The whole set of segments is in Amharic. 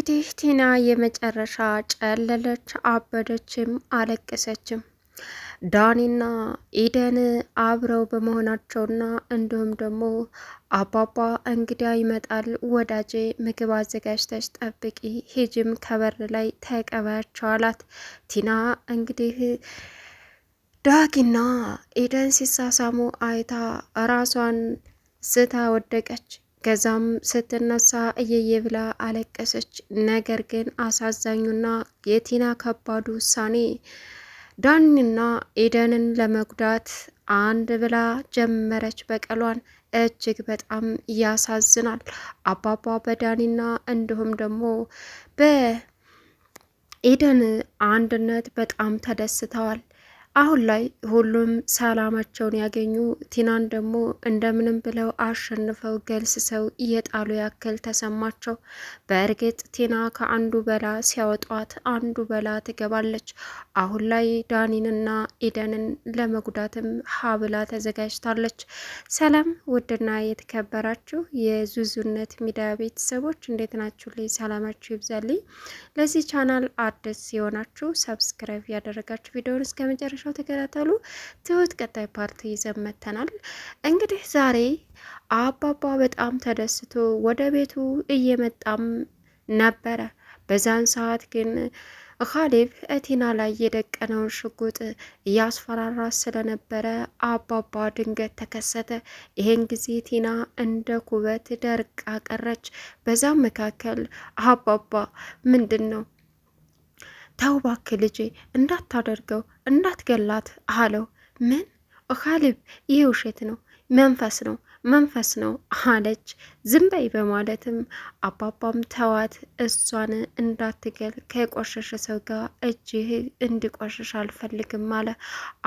እንግዲህ ቲና የመጨረሻ ጨለለች፣ አበደችም፣ አለቀሰችም። ዳኒና ኢደን አብረው በመሆናቸውና እንዲሁም ደግሞ አባባ እንግዳ ይመጣል፣ ወዳጄ ምግብ አዘጋጅተች ጠብቂ፣ ሂጅም ከበር ላይ ተቀበያቸው አላት። ቲና እንግዲህ ዳጊና ኢደን ሲሳሳሙ አይታ ራሷን ስታ ወደቀች። ከዛም ስትነሳ እየየ ብላ አለቀሰች። ነገር ግን አሳዛኙና የቲና ከባዱ ውሳኔ ዳኒና ኢደንን ለመጉዳት አንድ ብላ ጀመረች በቀሏን። እጅግ በጣም ያሳዝናል። አባባ በዳኒና እንዲሁም ደግሞ በኢደን አንድነት በጣም ተደስተዋል። አሁን ላይ ሁሉም ሰላማቸውን ያገኙ ቲናን ደግሞ እንደምንም ብለው አሸንፈው ገልስ ሰው እየጣሉ ያክል ተሰማቸው። በእርግጥ ቲና ከአንዱ በላ ሲያወጧት አንዱ በላ ትገባለች። አሁን ላይ ዳኒንና ኢደንን ለመጉዳትም ሀብላ ተዘጋጅታለች። ሰላም ውድና የተከበራችሁ የዙዙነት ሚዲያ ቤተሰቦች እንዴት ናችሁ? ላይ ሰላማችሁ ይብዛልኝ። ለዚህ ቻናል አዲስ የሆናችሁ ሰብስክራይብ ያደረጋችሁ ቪዲዮን እስከመጨረሻ እስከመጨረሻው ተከታተሉ። ትሁት ቀጣይ ፓርቲ ይዘን መጥተናል። እንግዲህ ዛሬ አባባ በጣም ተደስቶ ወደ ቤቱ እየመጣም ነበረ። በዛን ሰዓት ግን ኻሊብ እቲና ላይ የደቀነውን ሽጉጥ እያስፈራራ ስለነበረ አባባ ድንገት ተከሰተ። ይሄን ጊዜ ቲና እንደ ኩበት ደርቃ ቀረች። በዛም መካከል አባባ ምንድን ነው ተው እባክህ ልጄ እንዳታደርገው እንዳትገላት አለው። ምን ኻሊብ፣ ይህ ውሸት ነው መንፈስ ነው መንፈስ ነው አለች። ዝም በይ በማለትም አባባም ተዋት፣ እሷን እንዳትገል ከቆሸሸ ሰው ጋር እጅህ እንዲቆሸሽ አልፈልግም አለ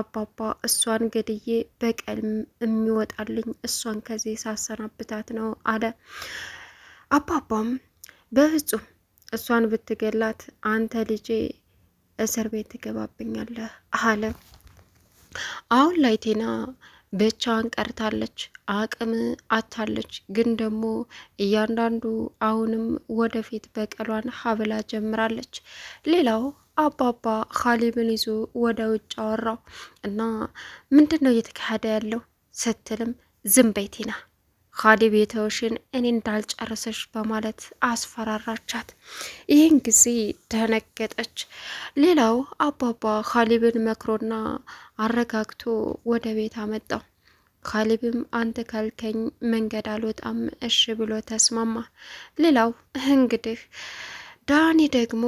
አባባ። እሷን ገድዬ በቀል የሚወጣልኝ እሷን ከዚህ ሳሰናብታት ነው አለ አባባም። በፍጹም እሷን ብትገላት አንተ ልጄ እስር ቤት ትገባብኛለህ አለ። አሁን ላይ ቴና ብቻዋን ቀርታለች፣ አቅም አታለች። ግን ደግሞ እያንዳንዱ አሁንም ወደፊት በቀሏን ሀብላ ጀምራለች። ሌላው አባባ ኻሊብን ይዞ ወደ ውጭ አወራው እና ምንድን ነው እየተካሄደ ያለው ስትልም ዝም በይ ካዲ የተውሽን እኔ እንዳልጨረሰች በማለት አስፈራራቻት። ይህን ጊዜ ደነገጠች። ሌላው አባባ ካሊብን መክሮና አረጋግቶ ወደ ቤት አመጣው። ካሊብም አንተ ካልከኝ መንገድ አልወጣም እሺ ብሎ ተስማማ። ሌላው እንግዲህ ዳኒ ደግሞ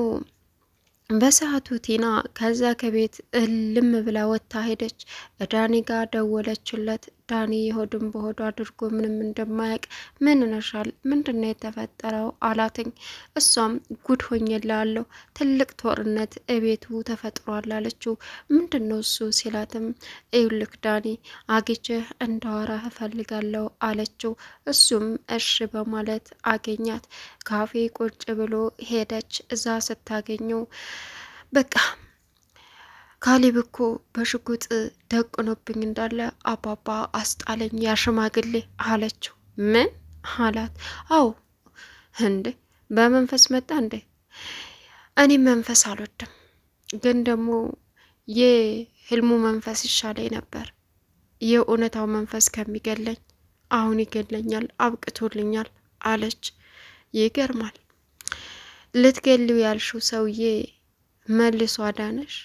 በሰዓቱ ቲና ከዛ ከቤት እልም ብላ ወጥታ ሄደች። ዳኒ ጋር ደወለችለት። ዳኒ የሆድን በሆዱ አድርጎ ምንም እንደማያውቅ ምን ነሻል? ምንድን ነው የተፈጠረው አላትኝ። እሷም ጉድ ሆኜላለሁ፣ ትልቅ ጦርነት እቤቱ ተፈጥሯል አለችው። ምንድን ነው እሱ ሲላትም እዩልክ ዳኒ አግኝቼህ እንዳወራህ እፈልጋለሁ አለችው። እሱም እሺ በማለት አገኛት። ካፌ ቁጭ ብሎ ሄደች። እዛ ስታገኘው በቃ ካሊብ እኮ በሽጉጥ ደቅኖብኝ እንዳለ አባባ አስጣለኝ ያሽማግሌ አለችው። ምን አላት? አዎ እንዴ በመንፈስ መጣ እንዴ? እኔ መንፈስ አልወድም፣ ግን ደግሞ የህልሙ መንፈስ ይሻለኝ ነበር። የእውነታው መንፈስ ከሚገለኝ አሁን ይገለኛል፣ አብቅቶልኛል አለች። ይገርማል። ልትገሊው ያልሽው ሰውዬ መልሶ አዳነሽ።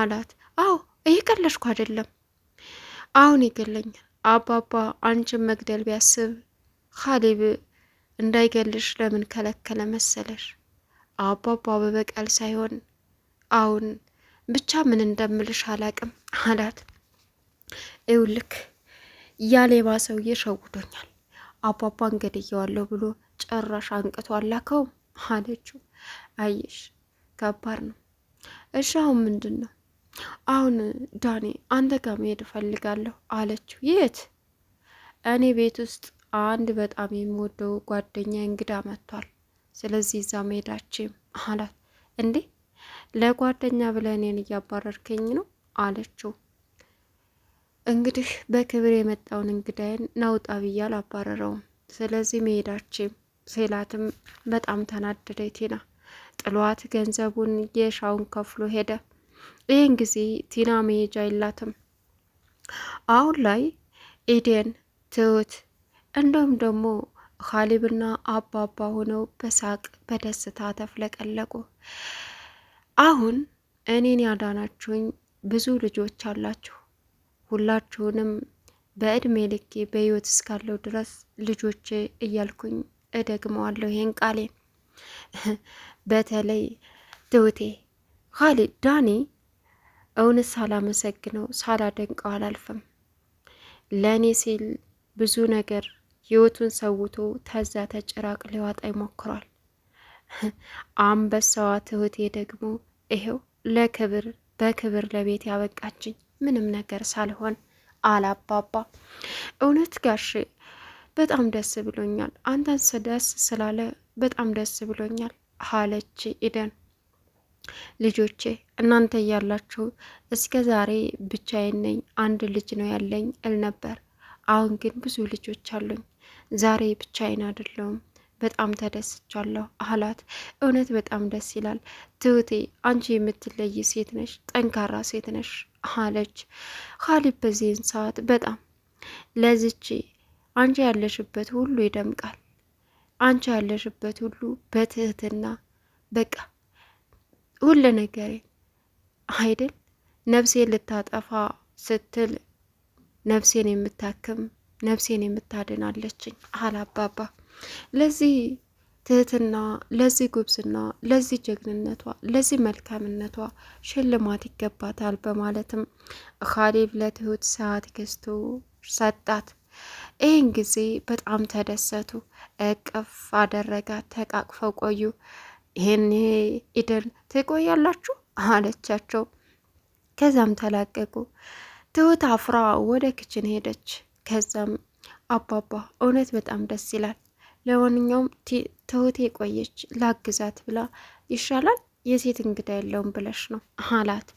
አላት። አዎ እየቀለድኩ አይደለም። አሁን ይገለኛል። አባባ አንቺን መግደል ቢያስብ ካሊብ እንዳይገልሽ ለምን ከለከለ መሰለሽ? አባባ በበቀል ሳይሆን አሁን ብቻ ምን እንደምልሽ አላቅም አላት። ይውልክ ያሌባ ሰውዬ ሸውዶኛል። አባባ እንገድየዋለሁ ብሎ ጭራሽ አንቅቶ አላከውም አለችው። አየሽ ከባድ ነው። እሺ አሁን ምንድን ነው አሁን ዳኔ አንተ ጋር መሄድ እፈልጋለሁ አለችው። የት? እኔ ቤት ውስጥ አንድ በጣም የምወደው ጓደኛ እንግዳ መጥቷል፣ ስለዚህ እዛ መሄዳችም አላት። እንዴ ለጓደኛ ብለህ እኔን እያባረርከኝ ነው አለችው። እንግዲህ በክብር የመጣውን እንግዳይን ናውጣ ብዬ አላባረረውም፣ ስለዚህ መሄዳችም ሴላትም በጣም ተናደደ። ቴና ጥሏት ገንዘቡን የሻውን ከፍሎ ሄደ። ይህን ጊዜ ቲና መሄጃ የላትም። አሁን ላይ ኢዴን፣ ትሁት እንዲሁም ደግሞ ካሊብና አባባ ሆነው በሳቅ በደስታ ተፍለቀለቁ። አሁን እኔን ያዳናችሁኝ ብዙ ልጆች አላችሁ። ሁላችሁንም በእድሜ ልኬ በህይወት እስካለው ድረስ ልጆቼ እያልኩኝ እደግመዋለሁ ይህን ቃሌ። በተለይ ትሁቴ ካሌብ ዳኒ እውነት ሳላመሰግነው ሳላደንቀው አላልፍም። ለእኔ ሲል ብዙ ነገር ህይወቱን ሰውቶ ተዛ ተጭራቅ ሊዋጣ ይሞክሯል። አንበሳዋ ትሁቴ ደግሞ ይሄው ለክብር በክብር ለቤት ያበቃችኝ ምንም ነገር ሳልሆን አላባባ። እውነት ጋሽ በጣም ደስ ብሎኛል። አንተን ደስ ስላለ በጣም ደስ ብሎኛል አለች ኢደን ልጆቼ እናንተ እያላችሁ እስከ ዛሬ ብቻዬን ነኝ፣ አንድ ልጅ ነው ያለኝ እል ነበር። አሁን ግን ብዙ ልጆች አሉኝ። ዛሬ ብቻዬን አይደለሁም። በጣም ተደስቻለሁ አላት። እውነት በጣም ደስ ይላል ትሁቴ፣ አንቺ የምትለይ ሴት ነሽ፣ ጠንካራ ሴት ነሽ አለች ኻሊብ። በዚህን ሰዓት በጣም ለዝቼ አንቺ ያለሽበት ሁሉ ይደምቃል። አንቺ ያለሽበት ሁሉ በትህትና በቃ ሁሉ ነገሬ አይደል ነፍሴን ልታጠፋ ስትል ነፍሴን የምታክም ነፍሴን የምታድን አለችኝ አለ አባባ። ለዚህ ትህትና፣ ለዚህ ጉብዝና፣ ለዚህ ጀግንነቷ፣ ለዚህ መልካምነቷ ሽልማት ይገባታል በማለትም ኻሊብ ለትሁት ሰዓት ገዝቶ ሰጣት። ይህን ጊዜ በጣም ተደሰቱ። እቅፍ አደረጋት። ተቃቅፈው ቆዩ። ይሄን ኢደን ትቆያላችሁ አለቻቸው። ከዛም ተላቀቁ። ትሁት አፍራ ወደ ክችን ሄደች። ከዛም አባባ እውነት በጣም ደስ ይላል፣ ለማንኛውም ትሁት የቆየች ላግዛት ብላ ይሻላል የሴት እንግዳ የለውም ብለሽ ነው አላት።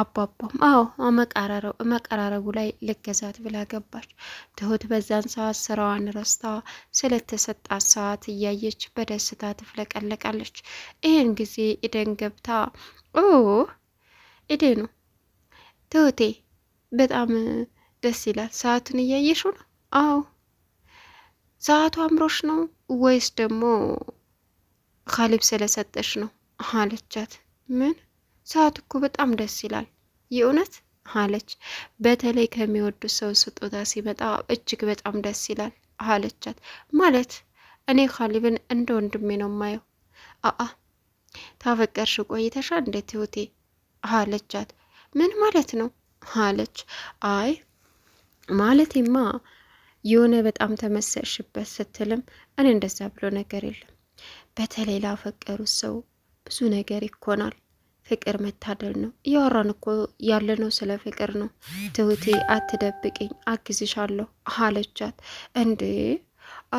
አባባም አዎ መቀራረቡ ላይ ልገዛት ብላ ገባች። ትሁት በዛን ሰዓት ስራዋን ረስታ ስለተሰጣት ሰዓት እያየች በደስታ ትፍለቀለቃለች። ይህን ጊዜ ኢደን ገብታ ኢዴ ነው ትሁቴ፣ በጣም ደስ ይላል። ሰዓቱን እያየሽው ነው? አዎ ሰዓቱ አምሮሽ ነው ወይስ ደግሞ ካሊብ ስለሰጠሽ ነው አለቻት። ምን ሰዓት እኮ በጣም ደስ ይላል የእውነት አለች። በተለይ ከሚወዱት ሰው ስጦታ ሲመጣ እጅግ በጣም ደስ ይላል አለቻት። ማለት እኔ ካሊብን እንደ ወንድሜ ነው ማየው። አአ ታፈቀርሽ ቆይተሻ እንደ ትሁቴ አለቻት። ምን ማለት ነው አለች። አይ ማለቴማ የሆነ በጣም ተመሰልሽበት ስትልም እኔ እንደዛ ብሎ ነገር የለም በተለይ ላፈቀሩት ሰው ብዙ ነገር ይኮናል። ፍቅር መታደል ነው። እያወራን እኮ ያለ ነው ስለ ፍቅር ነው። ትሁቴ አትደብቅኝ፣ አግዝሻለሁ አለቻት። እንዴ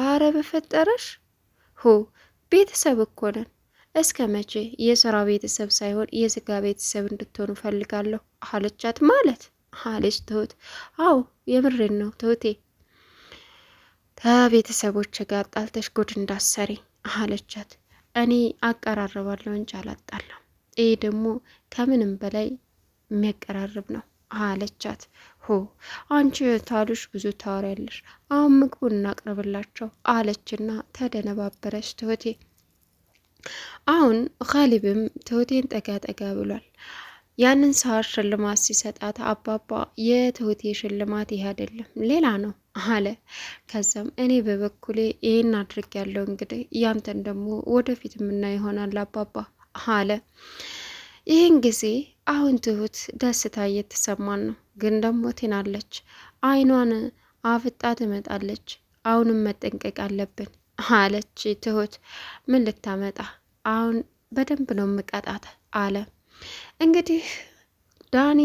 አረ በፈጠረሽ ሁ ቤተሰብ እኮ ነን። እስከ መቼ የስራ ቤተሰብ ሳይሆን የስጋ ቤተሰብ እንድትሆኑ ፈልጋለሁ አለቻት። ማለት አለች ትሁት። አዎ የምሬን ነው ትሁቴ፣ ከቤተሰቦች ጋር ጣልተሽ ጉድ እንዳሰሪ አለቻት። እኔ አቀራርባለሁ እንጂ አላጣለሁ። ይህ ደግሞ ከምንም በላይ የሚያቀራርብ ነው አለቻት። ሆ አንቺ ታሉሽ ብዙ ታወሪያለሽ፣ አሁን ምግቡን እናቅርብላቸው አለችና ተደነባበረች ትሁቴ። አሁን ኸሊብም ትሁቴን ጠጋ ጠጋ ብሏል። ያንን ሰዓት ሽልማት ሲሰጣት አባባ የትሁቴ ሽልማት ይህ አይደለም ሌላ ነው አለ። ከዛም እኔ በበኩሌ ይህን አድርግ ያለው እንግዲህ ያንተን ደግሞ ወደፊት ምና ይሆናል አባባ አለ። ይህን ጊዜ አሁን ትሁት ደስታ እየተሰማን ነው፣ ግን ደግሞ ትናለች። አይኗን አፍጣ ትመጣለች። አሁንም መጠንቀቅ አለብን አለች ትሁት። ምን ልታመጣ አሁን በደንብ ነው ምቀጣት አለ እንግዲህ ዳኒ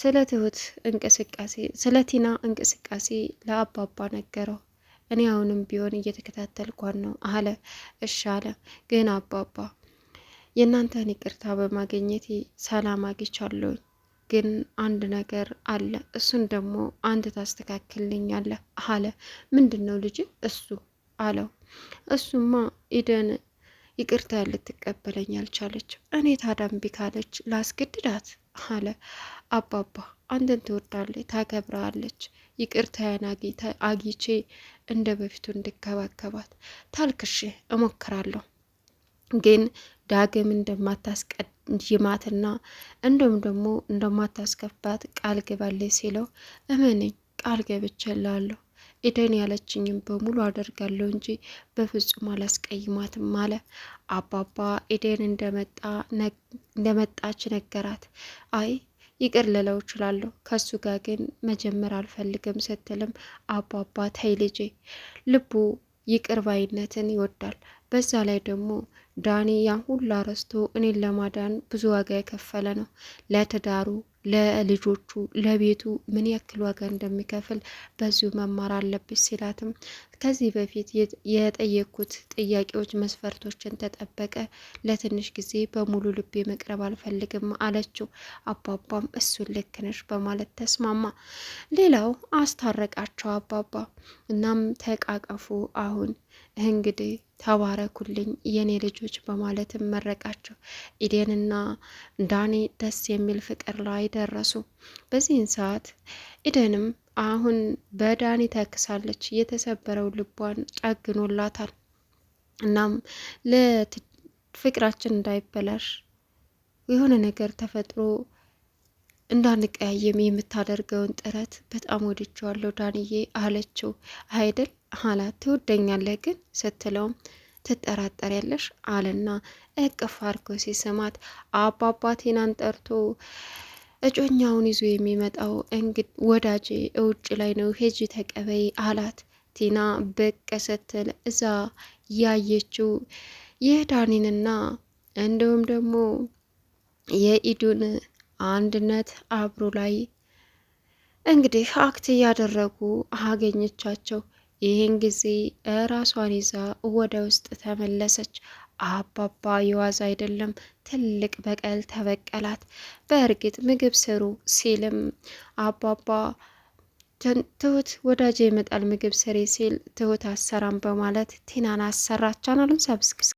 ስለ ትሁት እንቅስቃሴ ስለ ቲና እንቅስቃሴ ለአባባ ነገረው። እኔ አሁንም ቢሆን እየተከታተልኳን ነው አለ። እሺ አለ። ግን አባባ የእናንተን ይቅርታ በማግኘቴ ሰላም አግኝቻለሁኝ። ግን አንድ ነገር አለ፣ እሱን ደግሞ አንድ ታስተካክልልኛለህ አለ። ምንድን ነው ልጅ? እሱ አለው። እሱማ ኢደን ይቅርታ ልትቀበለኝ አልቻለች። እኔ ታዳምቢ ካለች ላስገድዳት አለ። አባባ አንተን ትወዳለች፣ ታከብራለች። ይቅርታዬን አግኝቼ እንደ በፊቱ እንድከባከባት ታልክሽ እሞክራለሁ ግን ዳግም እንደማታስቀይማትና እንዲሁም ደግሞ እንደማታስከፋት ቃል ግባልኝ ሲለው እመነኝ ቃል ገብቼላለሁ ኤደን ያለችኝም በሙሉ አደርጋለሁ እንጂ በፍጹም አላስቀይማትም አለ። አባባ ኤደን እንደመጣች ነገራት። አይ ይቅር ልለው እችላለሁ፣ ከሱ ጋር ግን መጀመር አልፈልግም ስትልም አባባ ተይ ልጄ፣ ልቡ ይቅር ባይነትን ይወዳል። በዛ ላይ ደግሞ ዳኒ ያን ሁሉ ረስቶ እኔን ለማዳን ብዙ ዋጋ የከፈለ ነው ለትዳሩ ለልጆቹ ለቤቱ ምን ያክል ዋጋ እንደሚከፍል በዚሁ መማር አለብሽ ሲላትም ከዚህ በፊት የጠየቅኩት ጥያቄዎች መስፈርቶችን ተጠበቀ ለትንሽ ጊዜ በሙሉ ልቤ መቅረብ አልፈልግም አለችው። አባባም እሱን ልክ ነሽ በማለት ተስማማ። ሌላው አስታረቃቸው አባባ። እናም ተቃቀፉ። አሁን እንግዲህ ተባረኩልኝ የኔ ልጆች በማለትም መረቃቸው። ኢዴንና ዳኔ ደስ የሚል ፍቅር ላይ ደረሱ። በዚህን ሰዓት ኢደንም አሁን በዳኒ ተክሳለች። የተሰበረው ልቧን ጠግኖላታል። እናም ለፍቅራችን እንዳይበላሽ የሆነ ነገር ተፈጥሮ እንዳንቀያየም የምታደርገውን ጥረት በጣም ወድጀዋለሁ ዳንዬ አለችው። አይደል አላት። ትወደኛለህ ግን ስትለውም ትጠራጠሪያለሽ አለና እቅፍ አድርጎ ሲስማት አባባቴናን ጠርቶ እጮኛውን ይዞ የሚመጣው እንግዲህ ወዳጄ እውጭ ላይ ነው ሄጂ ተቀበይ አላት። ቲና ብቅ ስትል እዛ ያየችው የዳኒንና እንዲሁም ደግሞ የኢዱን አንድነት አብሮ ላይ እንግዲህ አክት እያደረጉ አገኘቻቸው። ይህን ጊዜ ራሷን ይዛ ወደ ውስጥ ተመለሰች። አባባ የዋዛ አይደለም ትልቅ በቀል ተበቀላት። በእርግጥ ምግብ ስሩ ሲልም አባባ ትሁት ወዳጅ ይመጣል ምግብ ስሬ ሲል ትሁት አሰራም በማለት ቲናን አሰራቻናሉን ሰብስክስ